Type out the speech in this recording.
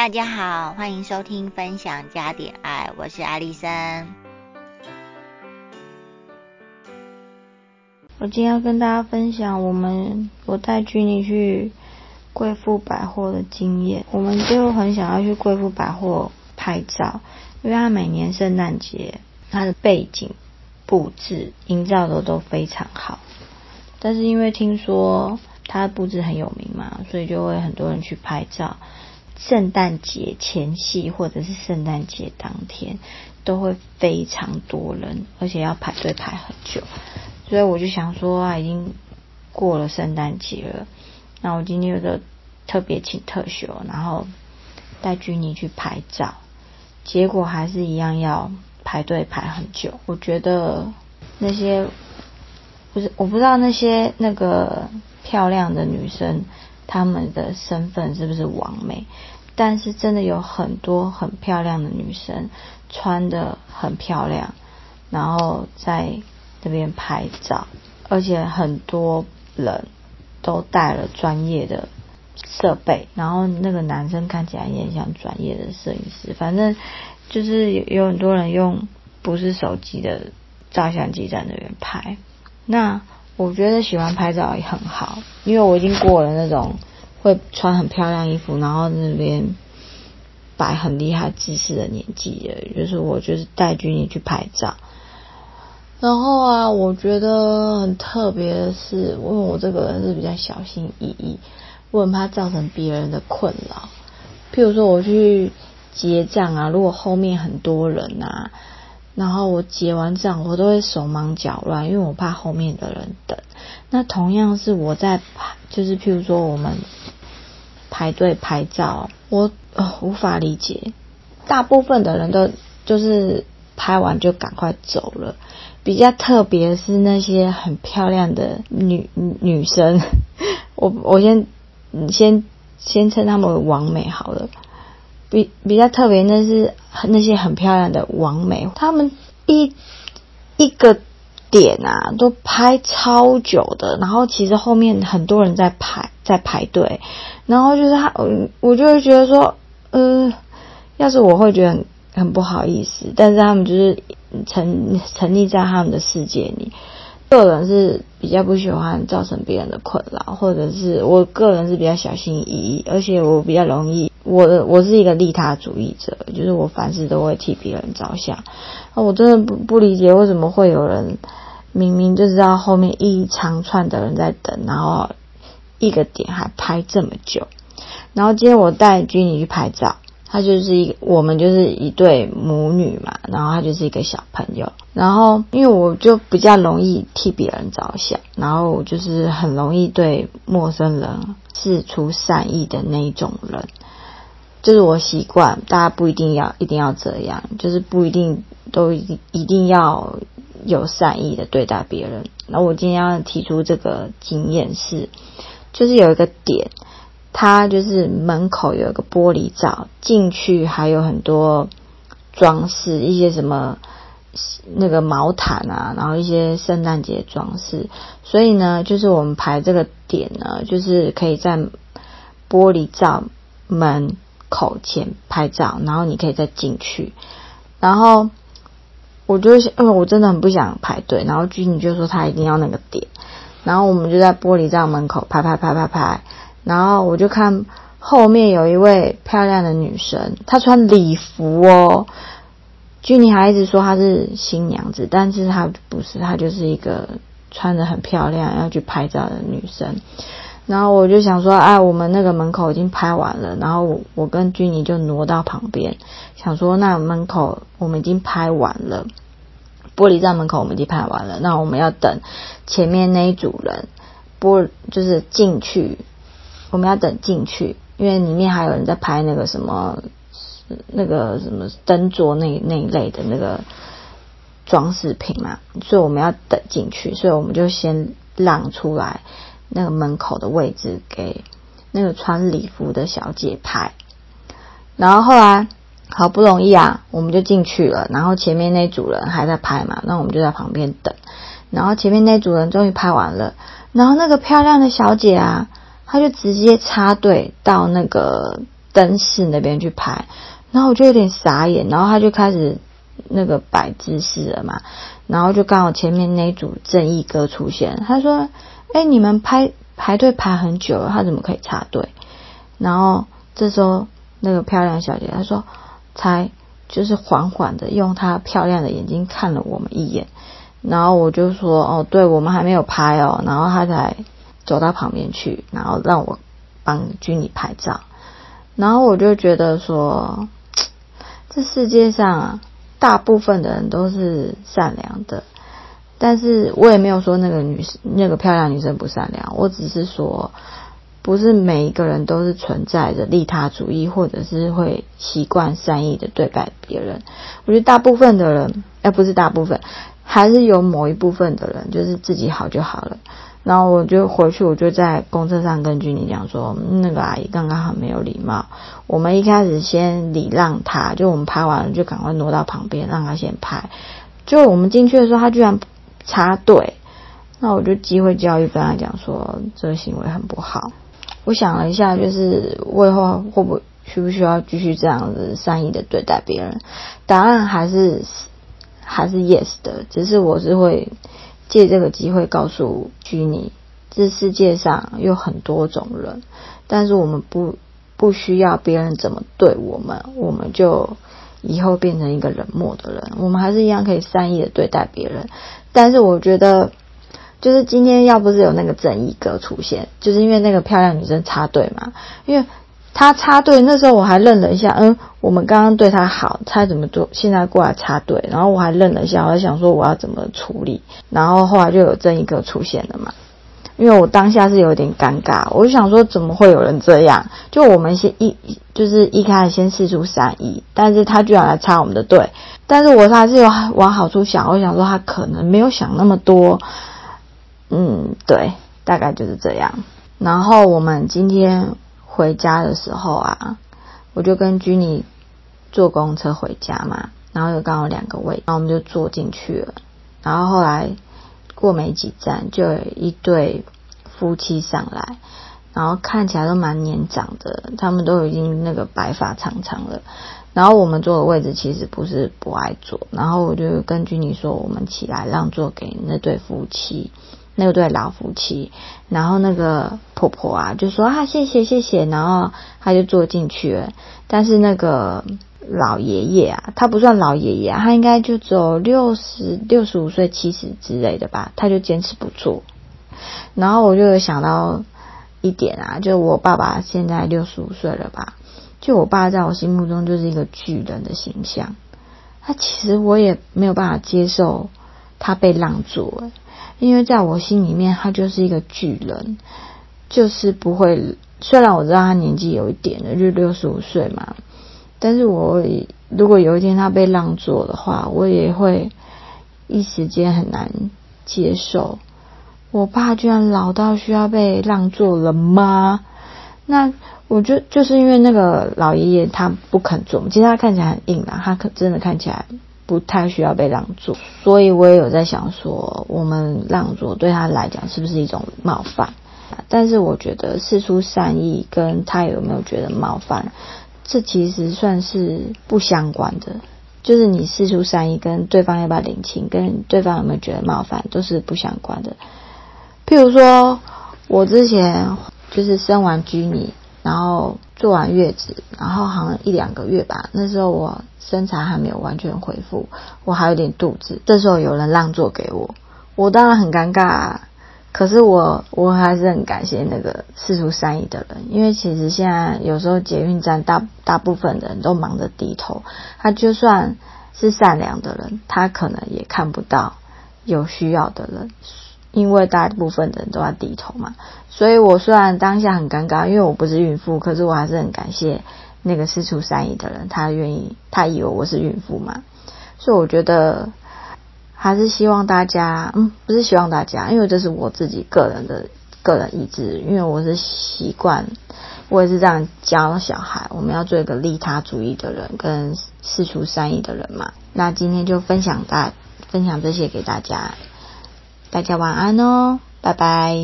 大家好，歡迎收聽分享加點愛，我是阿麗森。我今天要跟大家分享我們我帶君妮去貴婦百貨的經驗。我們就很想要去貴婦百貨拍照，因為它每年聖誕節它的背景布置營造的都非常好。但是因為聽說它的布置很有名嘛，所以就會很多人去拍照。聖誕節前夕或者是聖誕節當天，都會非常多人，而且要排隊排很久。所以我就想說，啊，已經過了聖誕節了，那我今天有個特別請特休，然後帶 GINNY 去拍照，結果還是一樣要排隊排很久。我覺得那些，不是，我不知道那些那個漂亮的女生。他們的身份是不是完美，但是真的有很多很漂亮的女生，穿的很漂亮，然後在那邊拍照，而且很多人都帶了專業的設備，然後那個男生看起來也像專業的攝影師。反正就是有很多人用不是手機的照相機在那邊拍，那。我覺得喜歡拍照也很好，因為我已經過了那種會穿很漂亮衣服，然後那邊擺很厲害姿勢的年紀了。就是我就是帶 Ginny 去拍照，然後啊，我覺得很特別的是，因為我這個人是比較小心翼翼，我很怕造成別人的困擾。譬如說我去結賬啊，如果後面很多人吶、啊。然後我結完賬，我都會手忙腳亂，因為我怕後面的人等。那同樣是我在就是譬如說我們排隊拍照，我、哦、無法理解，大部分的人都就是拍完就趕快走了。比較特別是那些很漂亮的女女生，我我先先先稱她們為網美好了。比比較特別那是那些很漂亮的網美，他們一一個點啊，都拍超久的。然後其實後面很多人在排在排隊，然後就是他，我就會覺得說，嗯，要是我會覺得很很不好意思。但是他們就是沉沉溺在他們的世界裡。個人是比較不喜歡造成別人的困擾，或者是我個人是比較小心翼翼，而且我比較容易。我我是一個利他主義者，就是我凡事都會替別人着想。那我真的不不理解為什麼會有人明明就知道後面一長串的人在等，然後一個點還拍這麼久。然後今天我帶君怡去拍照，她就是一個我們就是一對母女嘛，然後她就是一個小朋友。然後因為我就比較容易替別人着想，然後就是很容易對陌生人釋出善意的那一種人。就是我習慣，大家不一定要一定要這樣，就是不一定都一定一定要有善意的對待別人。然後我今天要提出這個經驗是，就是有一個點，它就是門口有一個玻璃罩，進去還有很多裝飾，一些什麼那個毛毯啊，然後一些聖誕節裝飾。所以呢，就是我們排這個點呢，就是可以在玻璃罩門。口前拍照，然後你可以再進去。然後我就，嗯，我真的很不想排隊。然後 GINNY 就說他一定要那個點。然後我們就在玻璃站門口拍拍拍拍拍。然後我就看後面有一位漂亮的女生，她穿禮服哦。GINNY 還一直說她是新娘子，但是她不是，她就是一個穿得很漂亮要去拍照的女生。然後我就想說，啊，我們那個門口已經拍完了。然後我，我跟君妮就挪到旁邊，想說，那門口我們已經拍完了，玻璃站門口我們已經拍完了。那我們要等前面那一組人，玻就是進去，我們要等進去，因為裡面還有人在拍那個什麼，那個什麼燈座那那一類的那個裝飾品嘛。所以我們要等進去，所以我們就先讓出來。那個門口的位置給那個穿禮服的小姐拍，然後後來好不容易啊，我們就進去了。然後前面那組人還在拍嘛，那我們就在旁邊等。然後前面那組人終於拍完了，然後那個漂亮的小姐啊，她就直接插隊到那個燈飾那邊去拍。然後我就有點傻眼，然後她就開始那個擺姿勢了嘛。然後就剛好前面那組正義哥出現，他說。哎、欸，你們排排隊排很久了，他怎麼可以插隊？然後這時候那個漂亮小姐她說：“才就是緩緩的用她漂亮的眼睛看了我們一眼。”然後我就說：“哦，對，我們還沒有拍哦。”然後她才走到旁邊去，然後讓我幫 Ginny 拍照。然後我就覺得說，這世界上啊，大部分的人都是善良的。但是我也沒有說那個女生、那個漂亮女生不善良，我只是說，不是每一個人都是存在著利他主義，或者是會習慣善意的對待別人。我覺得大部分的人，哎、欸，不是大部分，還是有某一部分的人，就是自己好就好了。然後我就回去，我就在公車上跟 GINNY 講說，那個阿姨剛剛很沒有禮貌。我們一開始先禮讓她，就我們拍完了就趕快挪到旁邊，讓她先拍。就我們進去的時候，她居然。插隊，那我就機會教育跟他講說，這個行為很不好。我想了一下，就是我以後會不會需不需要繼續這樣子善意的對待別人？答案還是還是 yes 的，只是我是會借這個機會告訴 Ginny，這世界上有很多種人，但是我們不不需要別人怎麼對我們，我們就以後變成一個冷漠的人，我們還是一樣可以善意的對待別人。但是我覺得，就是今天要不是有那個正義哥出現，就是因為那個漂亮女生插隊嘛。因為她插隊那時候我還愣了一下，嗯，我們剛剛對她好，她怎麼做？現在過來插隊，然後我還愣了一下，我想說我要怎麼處理。然後後來就有正義哥出現了嘛。因為我當下是有點尷尬，我就想說怎麼會有人這樣？就我們先一就是一開始先四出三一，但是他居然來插我們的隊。但是我還是有往好處想，我想說他可能沒有想那麼多。嗯，對，大概就是這樣。然後我們今天回家的時候啊，我就跟 GINNY 坐公車回家嘛，然後就剛好有兩個位，然後我們就坐進去了。然後後來。過沒幾站就有一對夫妻上來，然後看起來都蠻年長的，他們都已經那個白髮長長了。然後我們坐的位置其實不是不愛坐，然後我就跟 Ginny 說，我們起來讓座給那對夫妻，那對老夫妻。然後那個婆婆啊就說啊謝謝謝謝，然後她就坐進去了。但是那個。老爺爺啊，他不算老爺爺，啊，他應該就走六十六十五歲七十之類的吧，他就堅持不住。然後我就有想到一點啊，就我爸爸現在六十五歲了吧，就我爸在我心目中就是一個巨人的形象。他其實我也沒有辦法接受他被讓座，因為在我心裡面他就是一個巨人，就是不會。雖然我知道他年紀有一點了，就六十五歲嘛。但是我如果有一天他被讓座的話，我也會一時間很難接受。我爸居然老到需要被讓座了嗎？那我就就是因為那個老爺爺他不肯坐。其實他看起來很硬朗、啊，他可真的看起來不太需要被讓座。所以我也有在想說，我們讓座對他來講是不是一種冒犯？但是我覺得事出善意，跟他有沒有覺得冒犯？這其實算是不相關的，就是你釋出善意跟對方要不要領情，跟對方有沒有覺得冒犯，都是不相關的。譬如說，我之前就是生完 GINNY，然後坐完月子，然後好像一兩個月吧，那時候我身材還沒有完全恢復，我還有點肚子，這時候有人讓座給我，我當然很尷尬啊。可是我我還是很感謝那個釋出善意的人，因為其實現在有時候捷運站大大部分的人都忙着低頭，他就算是善良的人，他可能也看不到有需要的人，因為大部分的人都在低頭嘛。所以我雖然當下很尷尬，因為我不是孕婦，可是我還是很感謝那個釋出善意的人，他願意他以為我是孕婦嘛，所以我覺得。還是希望大家，嗯，不是希望大家，因為這是我自己個人的個人意志，因為我是習慣，我也是這樣教小孩，我們要做一個利他主義的人，跟釋出善意的人嘛。那今天就分享大，分享這些給大家，大家晚安哦，拜拜。